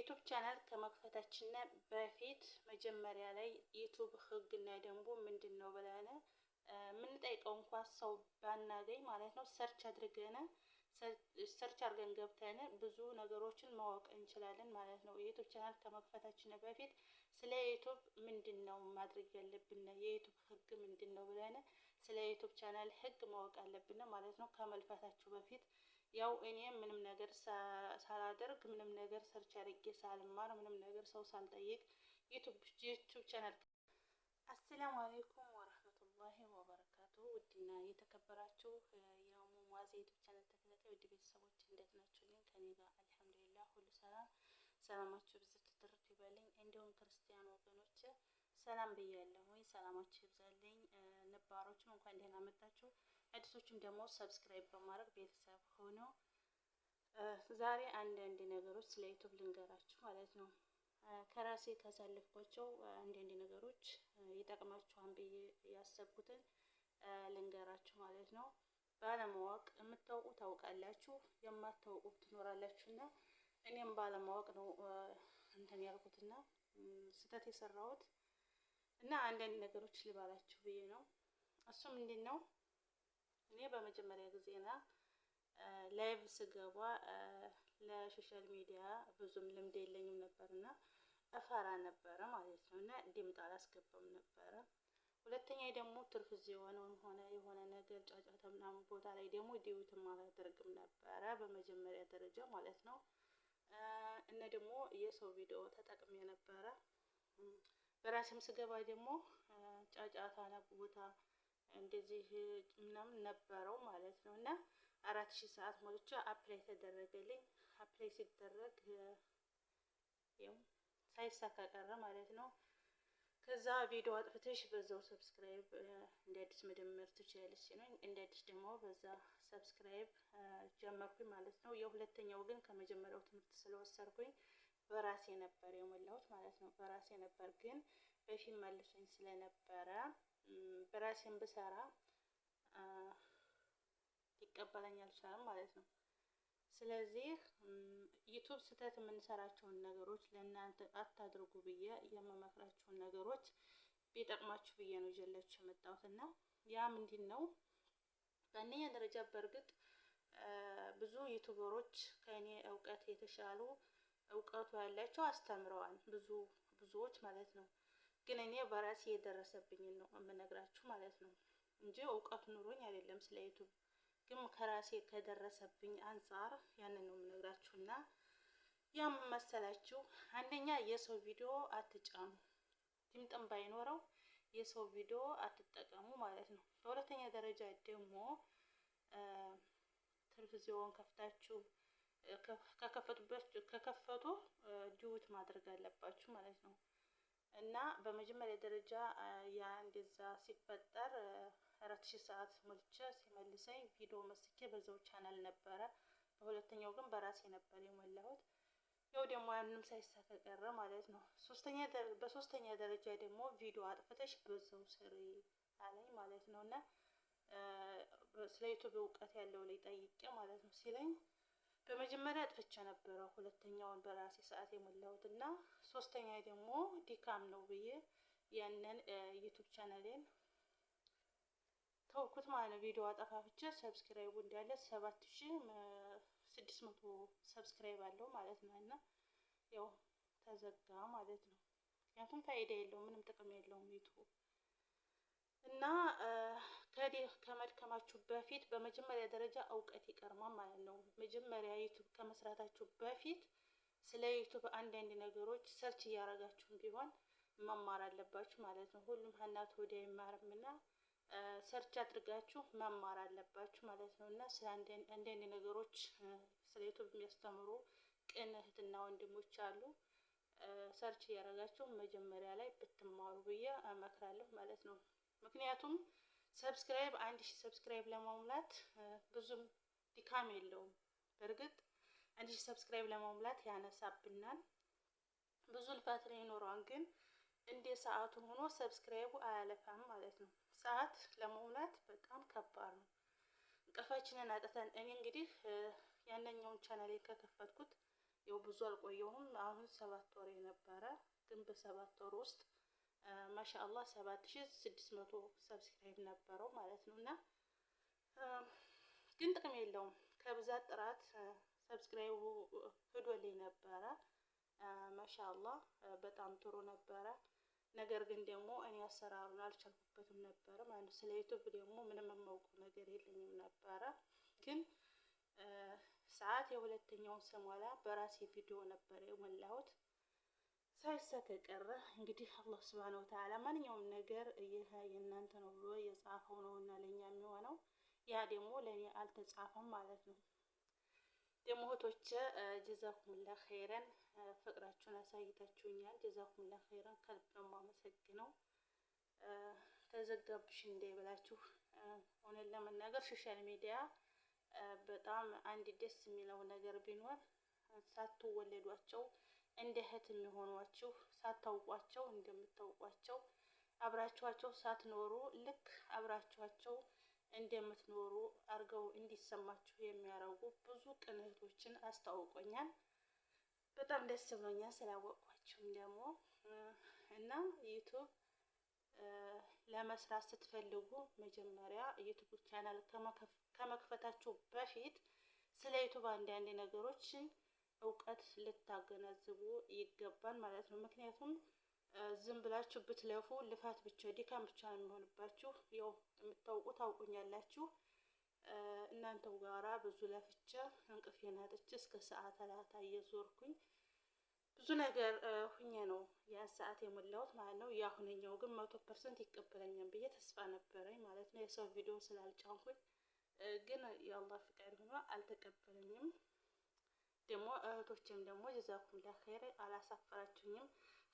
የዩቱብ ቻናል ከመክፈታችን በፊት መጀመሪያ ላይ ዩቱብ ህግና ደንቡ ምንድን ነው ብለን የምንጠይቀው እንኳ ሰው ባናገኝ ማለት ነው። ሰርች አድርገን ሰርች አድርገን ገብተን ብዙ ነገሮችን ማወቅ እንችላለን ማለት ነው። የዩቱብ ቻናል ከመክፈታችን በፊት ስለ ዩቱብ ምንድን ነው ማድረግ ያለብን፣ የዩቱብ ህግ ምንድን ነው ብለን ስለ ዩቱብ ቻናል ህግ ማወቅ አለብን ማለት ነው ከመልፋታችሁ በፊት ያው እኔ ምንም ነገር ሳላደርግ ምንም ነገር ሰርች አድርጌ ሳልማር ምንም ነገር ሰው ሳልጠይቅ ዩቱብ ቻናል። አሰላሙ አሌይኩም ወረህመቱላሂ ወበረካቱ። ውድና የተከበራችሁ የሙሟዝ ዩቱብ ቻናል ተከታታይ ውድ ቤተሰቦች እንዴት ናችሁልኝ? ከኔ ጋር አልሐምዱሊላህ ሁሉ ሰላም። ሰላማችሁ ብዝት ትርፍ ይበልኝ። እንዲሁም ክርስቲያን ወገኖች ሰላም ብያለሁኝ። ሰላማችሁ ይብዛልኝ። ነባሮችም እንኳን ደህና መጣችሁ። አዲሶችም ደግሞ ሰብስክራይብ በማድረግ ቤተሰብ ሆነው ዛሬ አንዳንድ ነገሮች ስለ ዩቱብ ልንገራችሁ ማለት ነው። ከራሴ ካሳለፍኳቸው አንዳንድ ነገሮች ይጠቅማችኋል ብዬ ያሰብኩትን ልንገራችሁ ማለት ነው። ባለማወቅ የምታውቁ ታውቃላችሁ፣ የማታውቁ ትኖራላችሁ እና እኔም ባለማወቅ ነው እንትን እና ስህተት የሰራሁት እና አንዳንድ ነገሮች ልባላችሁ ብዬ ነው። እሱም ምንድን ነው እኔ በመጀመሪያ ጊዜና ላይቭ ስገባ ለሶሻል ሚዲያ ብዙም ልምድ የለኝም ነበር እና እፈራ ነበረ ማለት ነው እና ድምፅ አላስገባም ነበረ። ሁለተኛ ደግሞ ትርፍዝ የሆነውን ሆነ የሆነ ነገር ጫጫታ ምናምን ቦታ ላይ ደግሞ ዲዩትም አላደርግም ነበረ በመጀመሪያ ደረጃ ማለት ነው። እና ደግሞ የሰው ቪዲዮ ተጠቅሜ ነበረ። በራሴም ስገባ ደግሞ ጫጫታ ቦታ እንደዚህ ምናምን ነበረው ማለት ነው። እና አራት ሺህ ሰዓት ሞልቼ አፕላይ ተደረገልኝ። አፕላይ ሲደረግ ሳይሳካ ቀረ ማለት ነው። ከዛ ቪዲዮ አጥፍተሽ በዛው ሰብስክራይብ እንደ አዲስ መጀመር ትችላለች ሲሉኝ እንደ አዲስ ደግሞ በዛ ሰብስክራይብ ጀመርኩኝ ማለት ነው። የሁለተኛው ግን ከመጀመሪያው ትምህርት ስለወሰድኩኝ በራሴ ነበር የሞላሁት ማለት ነው። በራሴ ነበር ግን በፊት መልሶኝ ስለነበረ በራሴን ብሰራ ይቀበለኝ አልቻለም ማለት ነው። ስለዚህ ዩቱብ ስህተት የምንሰራቸውን ነገሮች ለእናንተ አታድርጉ ብዬ የምመክራቸውን ነገሮች ቢጠቅማችሁ ብዬ ነው ይዤላችሁ የመጣሁት እና ያ ምንድን ነው በእነኛ ደረጃ በእርግጥ ብዙ ዩቱበሮች ከእኔ እውቀት የተሻሉ እውቀቱ ያላቸው አስተምረዋል። ብዙ ብዙዎች ማለት ነው። ግን እኔ በራሴ የደረሰብኝን ነው የምነግራችሁ ማለት ነው እንጂ እውቀት ኑሮኝ አይደለም ስለ ዩቱብ። ግን ከራሴ ከደረሰብኝ አንጻር ያንን ነው የምነግራችሁ እና ያም መሰላችሁ። አንደኛ የሰው ቪዲዮ አትጫኑ፣ ድምጥም ባይኖረው የሰው ቪዲዮ አትጠቀሙ ማለት ነው። በሁለተኛ ደረጃ ደግሞ ቴሌቪዥን ከፍታችሁ ከከፈቱ ዲዩት ማድረግ አለባችሁ ማለት ነው። እና በመጀመሪያ ደረጃ ያ እንደዛ ሲፈጠር አራት ሺህ ሰዓት ሞልቼ ሲመልሰኝ ቪዲዮ መስኬ በዛው ቻናል ነበረ። በሁለተኛው ግን በራሴ ነበር የሞላሁት። ያው ደግሞ ያንም ሳይሳካ ቀረ ማለት ነው። ሶስተኛ በሶስተኛ ደረጃ ደግሞ ቪዲዮ አጥፍተሽ በዛው ስሪ አለኝ ማለት ነው እና ስለ ዩቱብ እውቀት ያለው ላይ ጠይቄ ማለት ነው ሲለኝ በመጀመሪያ አጥፍቻ ነበረ ሁለተኛውን በራሴ ሰዓት የሞላሁት እና ሶስተኛ ደግሞ ዲካም ነው ብዬ ያንን ዩቱብ ቻናሌን ተውኩት ማለት ነው። ቪዲዮ አጠፋፍቼ ሰብስክራይቡ እንዳለ ሰባት ሺ ስድስት መቶ ሰብስክራይብ አለው ማለት ነው እና ያው ተዘጋ ማለት ነው። ምክንያቱም ፋይዳ የለውም፣ ምንም ጥቅም የለውም ዩቱብ እና ከዲህ ከመድከማችሁ በፊት በመጀመሪያ ደረጃ እውቀት ይቀርማል ማለት ነው። መጀመሪያ ዩቱብ ከመስራታችሁ በፊት ስለ ዩቱብ አንዳንድ ነገሮች ሰርች እያደረጋችሁ ቢሆን መማር አለባችሁ ማለት ነው። ሁሉም ሀናት ወዲያ አይማርም እና ሰርች አድርጋችሁ መማር አለባችሁ ማለት ነው። እና ስለ አንዳንድ ነገሮች ስለ ዩቱብ የሚያስተምሩ ቅን እህትና ወንድሞች አሉ። ሰርች እያደረጋችሁ መጀመሪያ ላይ ብትማሩ ብዬ እመክራለሁ ማለት ነው። ምክንያቱም ሰብስክራይብ አንድ ሺህ ሰብስክራይብ ለማሙላት ብዙም ድካም የለውም። በእርግጥ አንድ ሺ ሰብስክራይብ ለማሙላት ያነሳብናል፣ ብዙ ልፋት ላይ ይኖረዋል። ግን እንደ ሰዓቱ ሆኖ ሰብስክራይቡ አያለፋም ማለት ነው። ሰዓት ለመሙላት በጣም ከባድ ነው። እንቅልፋችንን አጥተን እኔ እንግዲህ ያነኛውን ቻናል ከከፈትኩት ያው ብዙ አልቆየሁም። አሁን ሰባት ወር የነበረ ግን በሰባት ወር ውስጥ ማሻአላህ ሰባት ሺ ስድስት መቶ ሰብስክራይብ ነበረው ማለት ነው። እና ግን ጥቅም የለውም ከብዛት ጥራት ሰብስክራይቡ ሂዶልኝ ነበረ። ማሻአላህ በጣም ጥሩ ነበረ። ነገር ግን ደግሞ እኔ አሰራሩን አልቻልኩበትም ነበረ ማለት ስለ ዩቱብ ደግሞ ምንም የማውቀው ነገር የለኝም ነበረ። ግን ሰዓት የሁለተኛውን ስሞላ በራሴ ቪዲዮ ነበር የሞላሁት። ሳይሳት የቀረ እንግዲህ አላህ ስብሃነ ወተዓላ ማንኛውም ነገር ይህ የእናንተ ነው ብሎ የጻፈው ነው እና ለእኛ የሚሆነው ያ ደግሞ ለእኔ አልተጻፈም ማለት ነው። ደግሞ እህቶቼ ጀዛኩሙላ ኸይረን ፍቅራችሁን አሳይታችሁኛል። ጀዛኩሙላ ኸይረን ከልብ ነው የማመሰግነው። ተዘጋብሽ ብላችሁ እውነት ለመናገር ሶሻል ሚዲያ በጣም አንድ ደስ የሚለው ነገር ቢኖር ሳትወለዷቸው እንደ እህት የሚሆኗችሁ ሳታውቋቸው እንደምታውቋቸው አብራችኋቸው ሳትኖሩ ልክ አብራችኋቸው እንደምትኖሩ አድርገው እንዲሰማችሁ የሚያረጉ ብዙ ቅን እህቶችን አስተዋውቆኛል። በጣም ደስ ብሎኛል ስላወቅኳቸውም ደግሞ እና ዩቱብ ለመስራት ስትፈልጉ መጀመሪያ ዩቱብ ቻናል ከመክፈታችሁ በፊት ስለ ዩቱብ አንዳንድ ነገሮችን እውቀት ልታገነዝቡ ይገባል ማለት ነው። ምክንያቱም ዝም ብላችሁ ብትለፉ ልፋት ብቻ ድካም ብቻ ነው የሚሆንባችሁ። ያው የምታውቁ ታውቁኛላችሁ። እናንተው ጋራ ብዙ ለፍቼ እንቅፌን አጥቼ እስከ ሰዓት አላታ እየዞርኩኝ ብዙ ነገር ሁኜ ነው ያን ሰዓት የሞላሁት ማለት ነው። የአሁነኛው ግን መቶ ፐርሰንት ይቀበለኛል ብዬ ተስፋ ነበረኝ ማለት ነው። የሰው ቪዲዮ ስላልጫንኩኝ ግን የአላህ ፍቃድ ሆኖ አልተቀበለኝም። ደግሞ እህቶችም ደግሞ ጀዛኩምላ ኸይር አላሳፈራችሁኝም።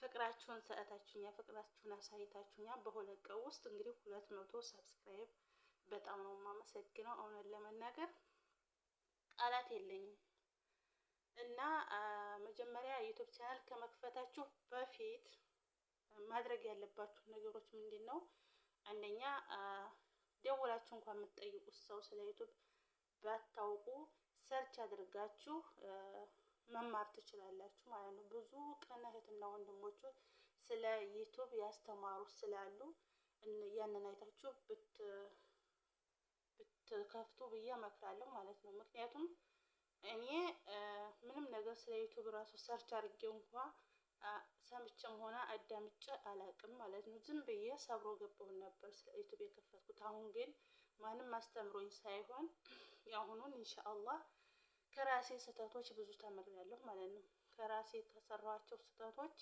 ፍቅራችሁን ሰእታችሁኛ፣ ፍቅራችሁን አሳይታችሁኛ። በሁለት ቀን ውስጥ እንግዲህ ሁለት መቶ ሰብስክራይብ በጣም ነው የማመሰግነው። እውነት ለመናገር ቃላት የለኝም እና መጀመሪያ ዩቱብ ቻናል ከመክፈታችሁ በፊት ማድረግ ያለባችሁ ነገሮች ምንድን ነው? አንደኛ ደውላችሁ እንኳን የምትጠይቁት ሰው ስለ ዩቱብ ባታውቁ ሰርች አድርጋችሁ መማር ትችላላችሁ ማለት ነው። ብዙ ቅን እህትና ወንድሞች ስለ ዩቱብ ያስተማሩ ስላሉ ያንን አይታችሁ ብትከፍቱ ብዬ እመክራለሁ ማለት ነው። ምክንያቱም እኔ ምንም ነገር ስለ ዩቱብ ራሱ ሰርች አድርጌው እንኳ ሰምቼም ሆነ አዳምጬ አላቅም ማለት ነው። ዝም ብዬ ሰብሮ ገባውን ነበር ስለ ዩቱብ የከፈትኩት። አሁን ግን ማንም አስተምሮኝ ሳይሆን የአሁኑን ኢንሻአላህ ከራሴ ስህተቶች ብዙ ተምሬያለሁ ማለት ነው። ከራሴ ከሰራኋቸው ስህተቶች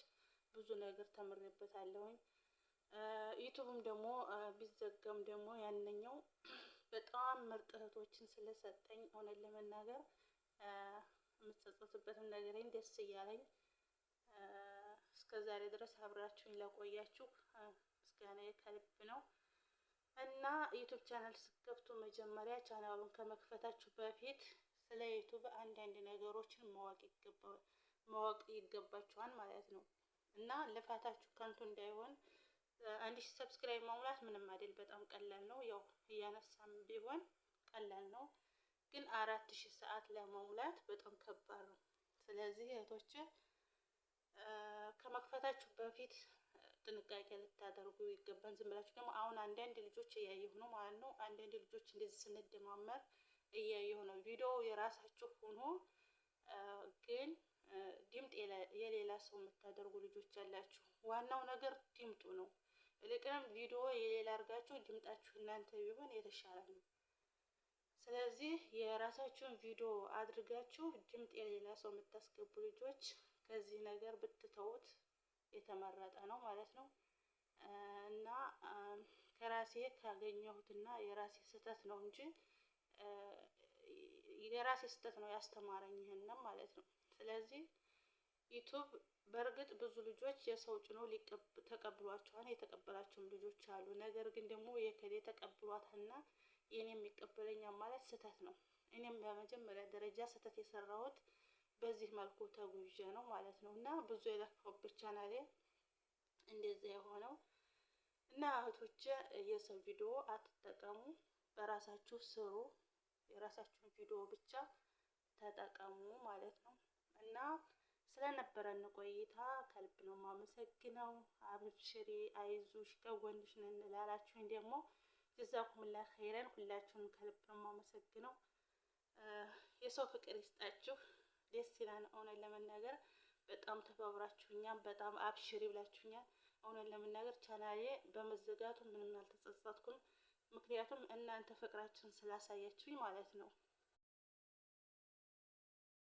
ብዙ ነገር ተምሬበታለሁኝ። ዩቱብም ደግሞ ቢዘገም ደግሞ ያነኘው በጣም ምርጥ እህቶችን ስለሰጠኝ እውነት ለመናገር የምጸጸትበትም ነገሬን ደስ እያለኝ እስከ ዛሬ ድረስ አብራችሁኝ ለቆያችሁ ምስጋናዬ ከልብ ነው። እና ዩቱብ ቻናል ስትከፍቱ መጀመሪያ ቻናሉን ከመክፈታችሁ በፊት ስለ ዩቱብ አንዳንድ ነገሮችን ማወቅ ይገባችኋል ማለት ነው። እና ልፋታችሁ ከንቱ እንዳይሆን አንድ ሰብስክራይብ መሙላት ምንም አይደል፣ በጣም ቀላል ነው። ያው እያነሳም ቢሆን ቀላል ነው፣ ግን አራት ሺህ ሰዓት ለመሙላት በጣም ከባድ ነው። ስለዚህ እህቶች ከመክፈታችሁ በፊት ጥንቃቄ ልታደርጉ ይገባል። ዝም ብላችሁ ደግሞ አሁን አንዳንድ ልጆች እያየሁ ነው ማለት ነው። አንዳንድ ልጆች እንደዚህ ስንደማመር እያየሁ ነው። ቪዲዮ የራሳችሁ ሆኖ ግን ድምጥ የሌላ ሰው የምታደርጉ ልጆች አላችሁ። ዋናው ነገር ድምጡ ነው። ይልቅንም ቪዲዮ የሌላ አድርጋችሁ ድምጣችሁ እናንተ ቢሆን የተሻለ ነው። ስለዚህ የራሳችሁን ቪዲዮ አድርጋችሁ ድምጥ የሌላ ሰው የምታስገቡ ልጆች ከዚህ ነገር ብትተውት የተመረጠ ነው ማለት ነው። እና ከራሴ ካገኘሁትና የራሴ ስህተት ነው እንጂ የራሴ ስህተት ነው ያስተማረኝ ይህንም ማለት ነው። ስለዚህ ዩቱብ በእርግጥ ብዙ ልጆች የሰው ጭኖ ተቀብሏቸዋል፣ የተቀበላቸውም ልጆች አሉ። ነገር ግን ደግሞ የከሌ ተቀብሏትና የኔ የሚቀበለኛ ማለት ስህተት ነው። እኔም በመጀመሪያ ደረጃ ስህተት የሰራሁት በዚህ መልኩ ተጉዤ ነው ማለት ነው። እና ብዙ የለፋሁበት ቻናሌ እንደዚህ የሆነው እና እህቶቼ የሰው ቪዲዮ አትጠቀሙ፣ በራሳችሁ ስሩ። የራሳችሁን ቪዲዮ ብቻ ተጠቀሙ ማለት ነው እና ስለነበረን ቆይታ ከልብ ነው የማመሰግነው። አብሽሪ፣ አይዞሽ፣ ከጎንሽ ነን ላላችሁኝ ደግሞ ጀዛኩምላ ኸይረን ሁላችሁንም ከልብ ነው የማመሰግነው። የሰው ፍቅር ይስጣችሁ። ደስ ይላል። እውነት ለመናገር በጣም ተባብራችሁኛል። በጣም አብሽሪ ብላችሁኛል። እውነት ለመናገር ቻናሌ በመዘጋቱ ምንም አልተጸጸትኩም። ምክንያቱም እናንተ ፍቅራችሁን ስላሳያችሁኝ ማለት ነው።